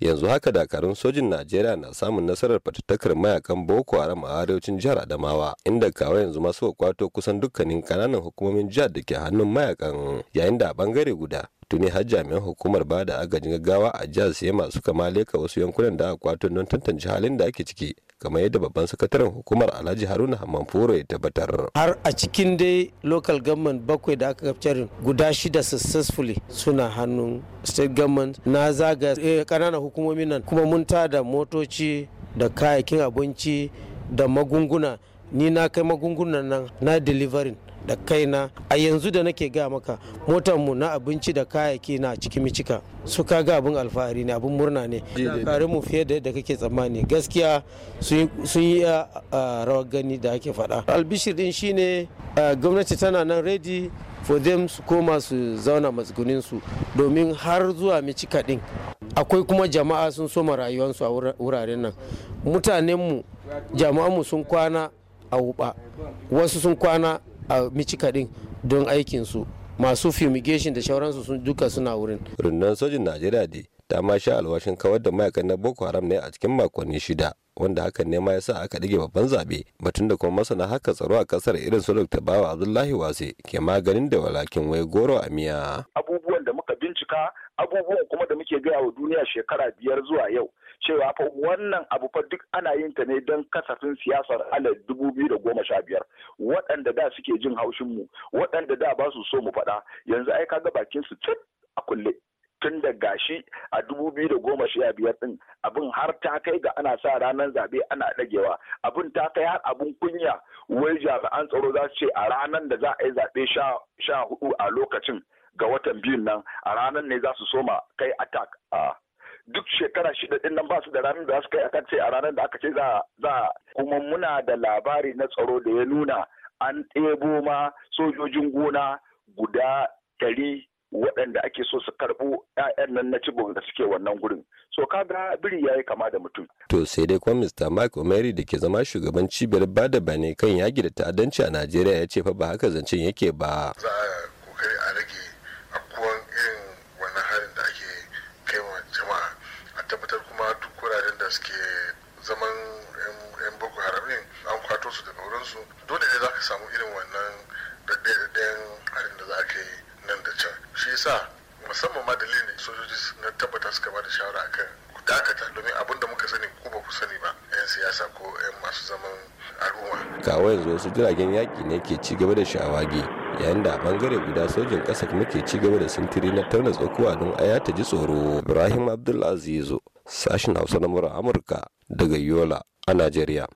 yanzu haka dakarun sojin najeriya na samun nasarar fatattakar mayakan boko haram a arewacin jihar adamawa inda kawo yanzu masu kwato kusan dukkanin kananan hukumomin jihar da ke hannun mayakan yayin da a bangare guda tuni har jami'an hukumar ba da agajin gaggawa a jihar sema suka kama leka wasu yankunan da aka kwato don tantance halin da ake ciki kamar yadda babban sakataren hukumar alhaji haruna hammanforo ya tabbatar har a cikin dai local government bakwai da aka capturing guda shida successfully suna hannun state government na zaga kananan eh, hukumomin nan kuma mun da motoci da kayayyakin abinci da magunguna ni na kai magungunan nan na delivering da kaina a yanzu da nake ga maka motar mu na abinci da kayayyaki na cikin micika su ka ga abin alfahari ne abin murna ne tare mu fiye da yadda kake tsammani gaskiya sun yi rawar gani da ake faɗa albishir din shine gwamnati tana nan ready for them su koma su zauna matsugunin su domin har zuwa micika din akwai kuma jama'a sun soma rayuwarsu a wuraren nan mutanenmu jama'anmu sun kwana a wuba wasu sun kwana a micika din don aikinsu masu fumigation da shauransu sun duka suna wurin rundunar sojin najeriya da ta ma sha alwashin kawar da mayakan na boko haram ne a cikin makonni shida wanda hakan ne ma yasa aka dige babban zaɓe batun da kuma masana haka tsaro a kasar irin su dr bawa abdullahi wase ke maganin da walakin wai goro a miya abubuwan da muka bincika abubuwan kuma da muke gaya wa duniya shekara biyar zuwa yau cewa fa wannan abu fa duk ana yin ta ne don kasafin siyasar alal dubu biyu da goma sha biyar waɗanda da suke jin haushin mu waɗanda da ba su so mu faɗa yanzu ai kaga bakin su tun a kulle tun da gashi a dubu biyu da goma sha biyar din abin har ta kai ga ana sa ranar zabe ana ɗagewa abin ta kai har abin kunya wai jami'an tsaro za su ce a ranar da za a yi zaɓe sha hudu a lokacin ga watan biyun nan a ranar ne za su soma kai attack a duk shekara shida din nan ba da ranar da suka yi akan ce a ranar da aka ce za a kuma muna da labari na tsaro da ya nuna an ɗebo ma sojojin gona guda ɗari waɗanda ake so su karɓo 'ya'yan nan na cibin da suke wannan gurin so kaga biri ya yi kama da mutum. to sai dai kuma mr mark omeri da ke zama shugaban cibiyar bada bane kan yaki da ta'addanci a najeriya ya ce fa ba haka zancen yake ba. suke zaman yan boko haram an kwato su da wurinsu dole ne za ka samu irin wannan daɗaɗaɗen harin da za ka yi nan da can shi yasa musamman ma dalilin da sojoji na tabbata suka ba da shawara akan ku dakata domin abin da muka sani ku ba ku sani ba 'yan siyasa ko 'yan masu zaman al'umma kawo yanzu wasu jiragen yaƙi ne ke ci gaba da shawage yayin da a bangare guda sojin ƙasa kuma ke ci gaba da sintiri na tauna tsakuwa don aya ta ji tsoro ibrahim abdulaziz Sashen Hausa na Amurka daga Yola a Najeriya.